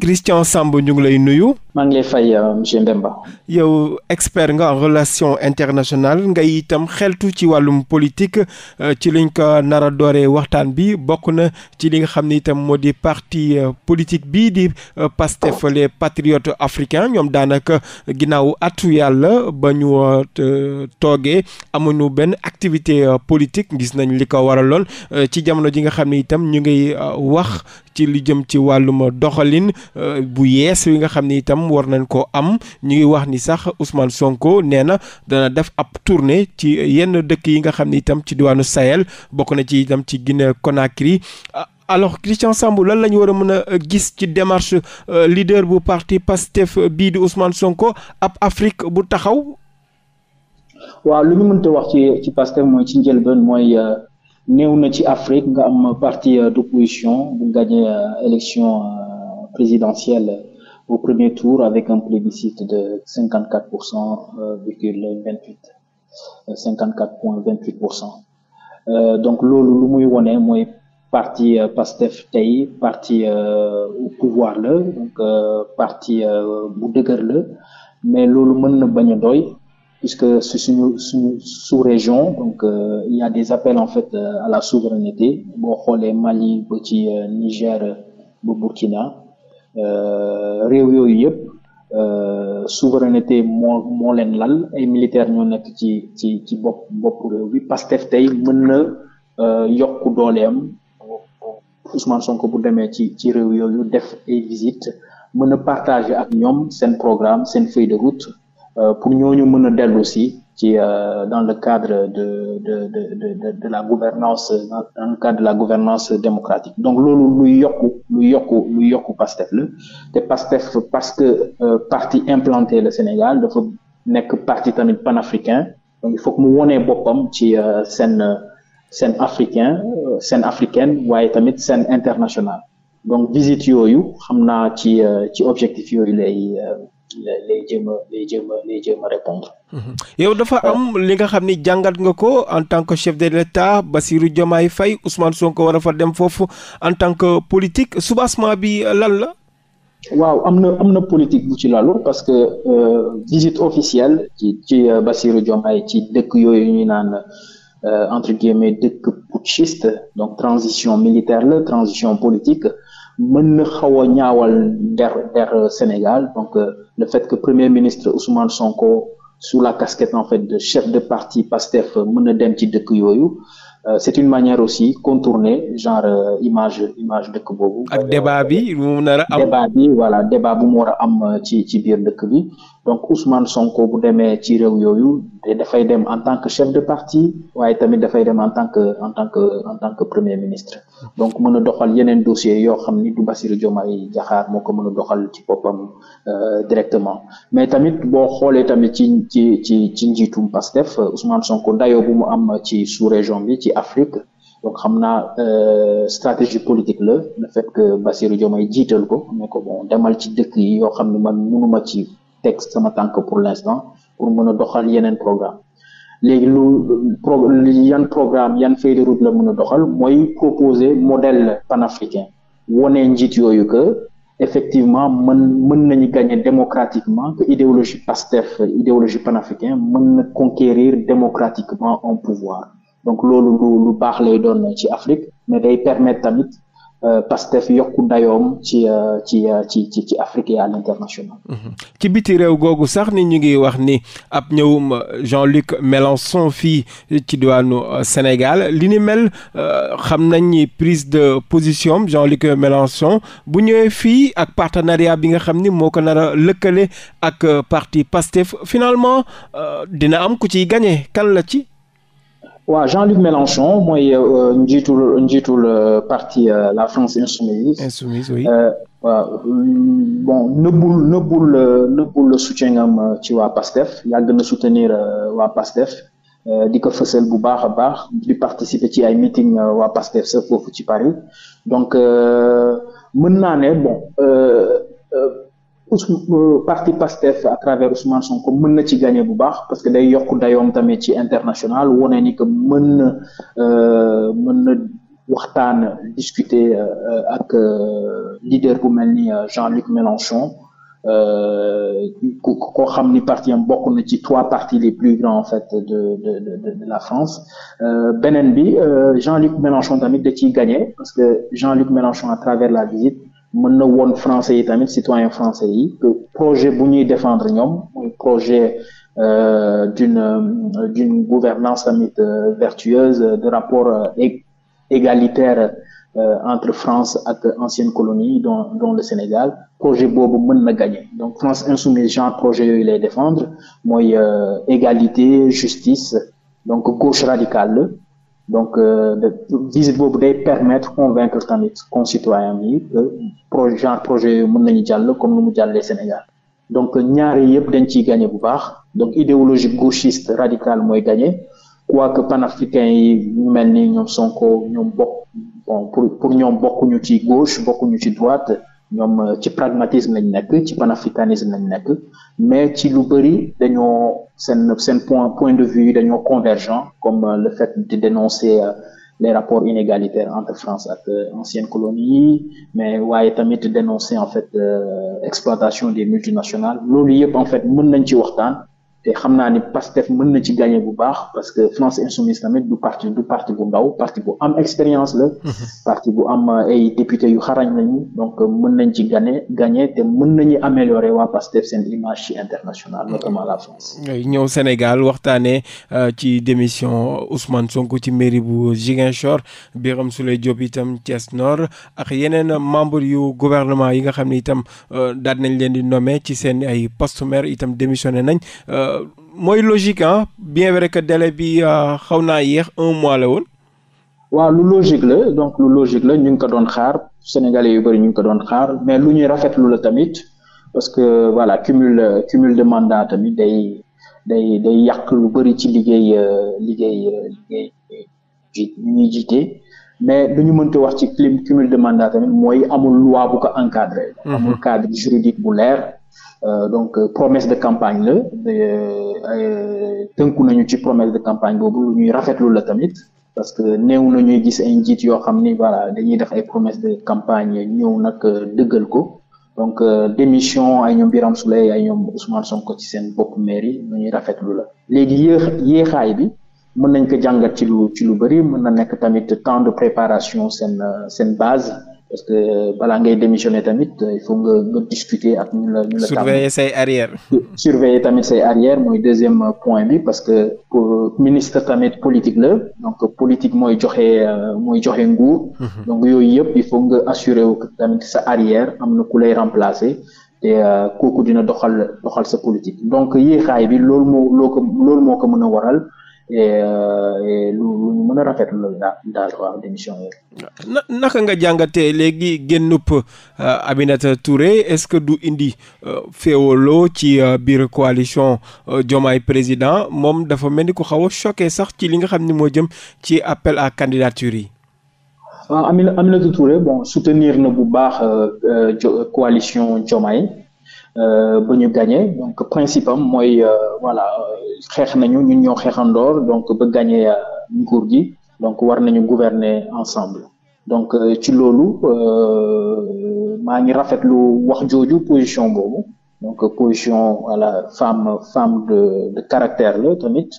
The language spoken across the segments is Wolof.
Christian Samb ñu ngi lay nuyu. maa ngi euh, yow expert nga en relation internationale ngay itam xeltu ci wàllum politique euh, ci liñ ko nar a dooree waxtaan bi bokk na ci li nga xam ni itam moo di parti euh, politique bii di PASTEF les patriotes africain ñoom daanaka ginnaaw atu yàlla ba ñu toogee amuñu benn activité politique gis nañ li ko lool ci jamono ji nga xam ni itam ñu ngi wax ci lu jëm ci wàllum doxalin. Euh, bu yees wi nga xam ni itam war nañ koo am ñu ngi wax ni sax usman Sonko nee na dana def ab tournée ci yenn dëkk yi nga xam ni itam ci diwaanu Sahel bokk na ci itam ci Guinée Conakry alors Christian Sambou lan lañu ñu war a mën a gis ci demarche euh, leader bu parti PASTEF bii di Ousmane Sonko ab Afrique bu taxaw. waaw lu ñu mënta wax ci ci PASTEF mooy ci njëlbeen mooy euh, néew na ci Afrique nga am parti d'opposition bu gagné élection. présidentielle au premier tour avec un plébiscite de pour 54,28 54,28% euh, euh, euh, donc loolu lu muy wone mooy parti Pastef tey parti au pouvoir la donc parti bu dëgër la mais loolu mën na bañ a doy puisque si suñu suñu sous-région donc il y a des appels en fait à la souveraineté boo xoolee Mali ba ci Niger ba Burkina Euh, réew yooyu yëpp euh, souveraineté moo moo leen lal ay militaire ñoo nekk ci ci ci bopp bopp réew bi Pastef tey mën na euh, yokk dooleem Ousmane Sonko bu demee ci ci réew yooyu def ay visite mën a partager ak ñoom seen programme seen feuille de route pour ñooñu mën a dellusi qui euh, dans le cadre de de de de la gouvernance dans donc loolu lu yokku lu yokku lu yokku Pastef la te Pastef parce que euh, parti implanté le Sénégal dafa nekk parti tamit panafricain donc il faut que mu wonee boppam ci scène euh, scène africain euh, scène africaine waaye tamit scène international donc visite yooyu xam naa ci ci objectif yooyu lay lay jëm a lay répondre mm-hmm. yow dafa am li nga xam ni jàngat nga ko en tant que chef de l'État Bassirou Diomaye Faye Ousmane Sonko war a fa dem foofu en tant que politique soubassement bi lan la waaw am na am na politique bu ci lalu parce que euh, visite officielle ci ci euh, Bassirou Diomaye ci dëkk yooyu ñuy naan euh, entre guillemets dëkk putschiste donc transition militaire la transition politique mën na xaw a ñaawal der der euh, Sénégal donc euh, le fait que premier ministre Ousmane Sonko sous la casquette en fait de chef de parti PASTEF euh, mën na dem ci dëkk yooyu c'est une manière aussi contourner genre image image dëkk boobu. ak débat bi mu nar am voilà débat bu mu war a am ci ci biir dëkk bi. donc Ousmane Sonko bu demee ci réew yooyu dafay dem en tant que chef de parti waaye tamit dafay dem en tant que en tant que en premier ministre donc mën a doxal yeneen dossiers yoo xam ni du Bassirou Diomaye jaxaar moo ko mën a doxal ci boppam euh, directement mais tamit boo xoolee tamit ci ci ci ci njiitum Pastef Ousmane Sonko dayoo bu mu am ci sous-région bi ci Afrique donc xam naa euh, stratégie politique la le fait que Bassirou Diomaye jiital ko ne ko demal ci dëkk yi yoo xam ne man mënuma ci teg sama tànk pour l'instant pour mën a doxal yeneen programme léegi lu pro yan programme yan feuille de route la mën a doxal mooy proposer modèle panafricain wone njiit yooyu que effectivement mën mën nañu gagner démocratiquement que idéologie PASTEF idéologie panafricain mën na conquérir démocratiquement un pouvoir donc loolu lu lu baax lay doon ci Afrique mais day permettre tamit Euh, Pastef yokku dayoom ci euh, ci euh, ci ci ci Afrique mhm. ci biti réew googu sax ni ñu ngi wax ni ab ñëwum Jean-Luc Mélenchon fii ci diwaanu Sénégal li ni mel xam nañ ni prise de position Jean-Luc Mélenchon bu ñëwee fii ak partenariat bi nga xam ni moo ko nar a lëkkale ak parti Pastef finalement dina am ku ci gagné kan la ci. waaw Jean-Luc Mélenchon mooy euh, njiitul njiitul euh, parti euh, la France insoumise. insoumise oui. waaw bon nëbbul nëbbul nëbbul soutien am ci waa PASTEF yàgg na soutenir wa PASTEF di ko fësal bu baax a baax di participer ci ay meeting waa PASTEF sa foofu ci Paris donc mën naa ne Euh, parti Pastef à travers Ousmane Sonko mën na ci gagné bu baax parce que day yokk dayoom tamit ci international wone ni que mën na euh, mën na waxtaan discuter euh, ak leader bu mel ni Jean-Luc Mélenchon koo xam ni parti am bokk na ci trois partis les plus grands en fait de la France beneen bi Jean-Luc Mélenchon tamit da ciy gagné parce que Jean-Luc Mélenchon à travers la visite mën na woon français yi tamit citoyen français yi projet bu ñuy défendre ñoom mooy projet euh, d'une euh, d'une gouvernance tamit euh, vertueuse euh, de rapport égalitaire entre France ak ancienne colonie dont dont le Sénégal projet boobu mën na gagner donc France insoumise genre projet yooyu lay défendre mooy égalité justice donc gauche radicale donc euh, visite boobu day permettre convaincre tamit concitoyens yi que projet genre projet yooyu mën nañu jàll comme nu mu jàllee Sénégal donc ñaari yi yëpp dañ ciy gagné bu baax donc idéologie gauchiste radicale mooy gagné quoique panafricain yi ñu mel ni ñoom Sonko ñoom bokk bon pour pour ñoom bokkuñu ci gauche bokkuñu ci droite ñoom euh, ci pragmatisme lañ nekk ci panafricanisme lañ nekk mais ci lu bëri dañoo seen seen point point de vue dañoo convergent comme euh, le fait de dénoncer euh, les rapports inégalitaires entre France ak ancienne colonie yi mais waaye tamit dénoncer en fait exploitation des multinationales loolu yëpp en fait mën nañ ci waxtaan te xam naa ni Pastef mën na ci gagné bu baax parce que France Insoumise tamit du parti du parti bu ndaw parti bu am expérience la. Mhm. parti bu am euh, ay député yu xarañ lañu donc euh, mën nañ ci gagné gagné te mën nañu améliorer waa Pastef seen image ci internationale notamment la France. ñëw Sénégal waxtaanee euh, ci démission Ousmane Sonko ci mairie bu Ziguinchor Birame Souleye Diop itam Thiès Nord ak yeneen membre yu gouvernement yi nga xam ni itam daal nañ leen di nommé ci seen ay poste maire itam démissionné nañ. mooy logique ah bien vrai que délai bi euh, xaw naa yéex un mois la woon. waaw lu logique la donc lu logique la ñu ngi ko doon xaar sénégalais yu bëri ñu ngi ko doon xaar mais lu ñuy rafetlu la tamit parce que voilà cumul cumul de mandat tamit day day day yàq lu bëri ci liggéey euh, liggéey euh, liggéey ji ñu jiite mais lu ñu mënti wax ci clim cumul de mandat tamit mooy amul loi bu ko encadré. Mm-hmm. amul cadre juridique bu leer. Euh, donc euh, promesse de campagne la euh, tënku nañu ci promesse de campagne boobu lu ñuy rafetlu la tamit parce que néew na ñuy gis ay njiit yoo xam ni voilà dañuy def ay promesse de campagne ñëw nag dëggal ko donc démission ay ñoom Birame Souleye ay ñoom Ousmane Sonko ci seen bopp mairie lu ñuy rafetlu la léegi yéex yéexaay bi mën nañ ko jàngat ci lu ci lu bëri mën na nekk tamit temps de préparation seen seen base parce que balaa ngay démissionner tamit il faut nga nga discuter ak ñu la ñu la. surveiller say arrière. surveiller tamit say arrière mooy deuxième point bi parce que pour ministre tamit politique la donc politique mooy joxe euh, mooy joxe nguur. Mhm. donc yooyu yëpp il faut nga assurer wu tamit sa arrière am na ku lay remplacer. te euh, kooku dina doxal doxal sa politique donc yéexaay bi loolu moo loo ko loolu moo ko mën a waral. E, e, lu lu ñu mën a rafetlu loolu daal daal waaw démission yooyu. naka nga jàngatee léegi génnup euh, Aminata Touré est-ce que du indi euh, féewaloo ci euh, biir coalition jomaay président moom dafa mel ni ku xaw a choqué sax ci li nga xam ni moo jëm ci appel à candidature yi. waaw ah, Aminata Touré bon soutenir na bu baax coalition Diomaye. Euh, ba ñu gagné donc principe mooy euh, voilà euh, xeex nañu ñu ñoo xeexandoor donc ba gagné nguur gi donc war nañu gouverner ensemble donc ci loolu maa ngi rafetlu wax jooju position boobu donc position voilà femme femme de de caractère la tamit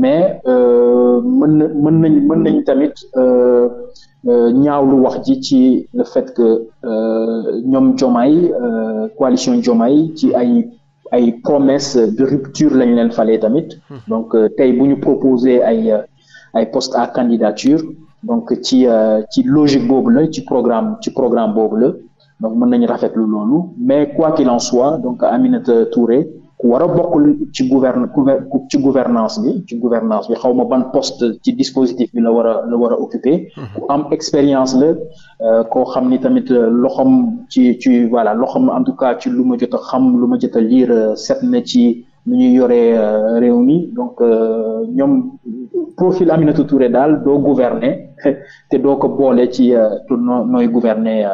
mais mën na mën nañ mën nañ tamit Euh, ñaawlu wax ji ci le fait que euh, ñoom Diomaye euh, coalition Diomaye ci ay ay promesse de rupture lañ leen falee tamit hmm. donc tey bu ñu proposer ay ay poste à candidature donc ci ci logique boobu la ci programme ci programme boobu la donc mën nañu rafetlu loolu mais quoi qu'il en soit donc Aminata Touré ku war a bokkul ci gouverne ci gouvernance bi ci gouvernance bi xaw ma ban poste ci dispositif bi la war a la war a occupé ku mhm. am expérience la euh, koo xam ni tamit euh, loxom ci ci voilà loxom en tout cas ci lu ma jot a xam lu ma jot a lire euh, set na ci nu ñuy yoree réew mi donc ñoom profil Aminata Touré daal doo gouverner te doo ko boole ci pour nooy gouverner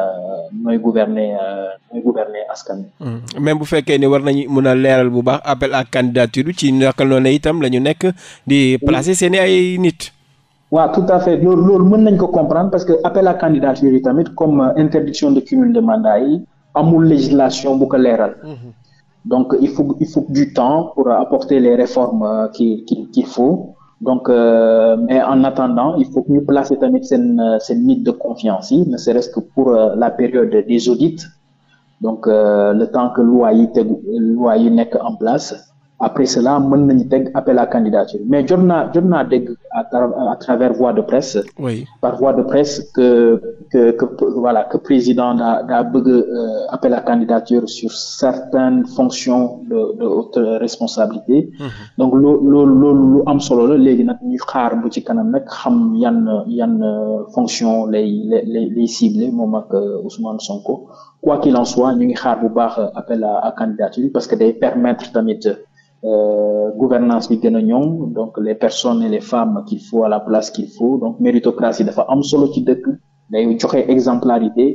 nooy gouverner euh, nooy gouverner askan bi hmm. bu fekkee ni war nañu mun a leeral bu baax appel à candidature bi ci naka noonu itam la ñu nekk di placer seen ay nit. waaw tout à fait loolu loolu mën nañ ko comprendre parce que appel à candidature yi tamit comme euh, interdiction de cumul de mandat yi amul législation bu ko leeral. Hmm. donc il faut il faut du temps pour apporter les réformes euh, qu'il faut. donc euh, mais en attendant il faut que ñu placer tamit seen euh, seen nit de confiance yi ne serait que pour euh, la période des audits donc euh, le temps que loi yi tegu loi nekk en place après cela mën nañu teg appel à candidature mais jot naa jot naa dégg à travers voie de presse. oui par voie de presse que que voilà que président da daa bëgg euh, appel à candidature sur certaines fonctions de de responsabilité. Mhm. donc loo loolu loolu lu am solo la léegi nag ñu xaar bu ci kanam nag xam yan yan euh, fonction lay lay lay ciblé moom ak euh, Ousmane Sonko quoi qu'il en soit ñu ngi xaar bu baax appel à à parce que day permettre tamit. euh, gouvernance bi gën a donc les personnes et les femmes qu'il faut à la place qu'il faut donc méritocratie dafa am solo ci dëkk day joxe exemplarité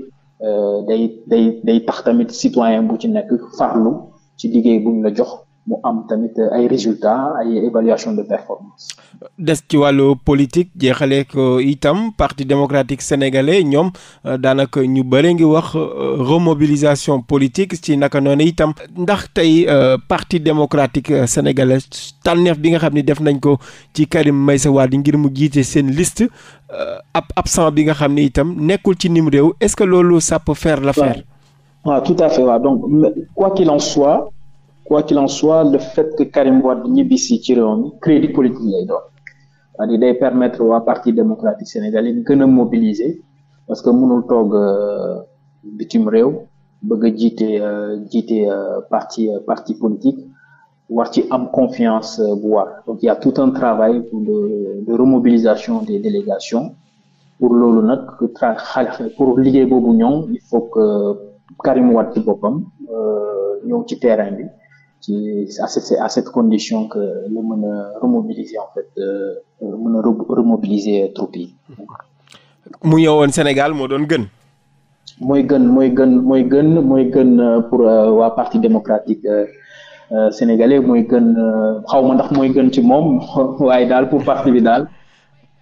euh, day day day tax tamit citoyen bu ci nekk farlu ci liggéey bu la jox mu am tamit euh, ay résultats ay évaluation de performance. des ci wàllu politique jeexalee ko itam parti démocratique sénégalais ñoom euh, daanaka ñu bëri ngi wax euh, remobilisation politique ci naka noonu itam ndax tey parti démocratique sénégalais tànneef bi nga xam ni def nañ ko ci Karim Meïssa Wade ngir mu jiite seen liste ab absent bi nga xam ni itam nekkul ci nim réew est-ce que loolu ça peut faire l'affaire. waaw tout à fait waaw donc quoi qu'il en soit. quoi qu'il en soit le fait que Karim Wade ñibbisi ci réew mi crédit politique lay doon cest day permettre waa parti démocratique sénégalais gën a mobiliser parce que mënul toog euh, bitim réew bëgg a jiite euh, jiite euh, parti parti politique war ci am confiance bu war donc il y a tout un travail de remobilisation des délégations pour loolu nag pour liggéey boobu ñoom il faut que Karim Wade ci boppam ñëw ci terrain bi ci à cette à condition que lu mën a remobiliser en fait euh, mën a Sénégal moo doon gën. mooy gën mooy gën mooy gën mooy gën euh, pour euh, waa parti démocratique sénégalais mooy gën xaw ma ndax mooy gën ci moom waaye daal pour parti bi daal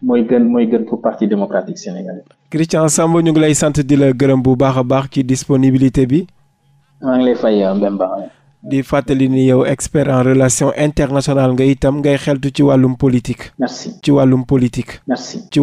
mooy gën mooy gën pour parti démocratique sénégalais. Christian Sambou ñu ngi lay sant di la gërëm bu baax a baax ci disponibilité bi. maa ngi lay fay Mbemba. di fàttali ni yow expert en relation international nga itam ngay xeltu ci wàllum politique. ci wàllum politique.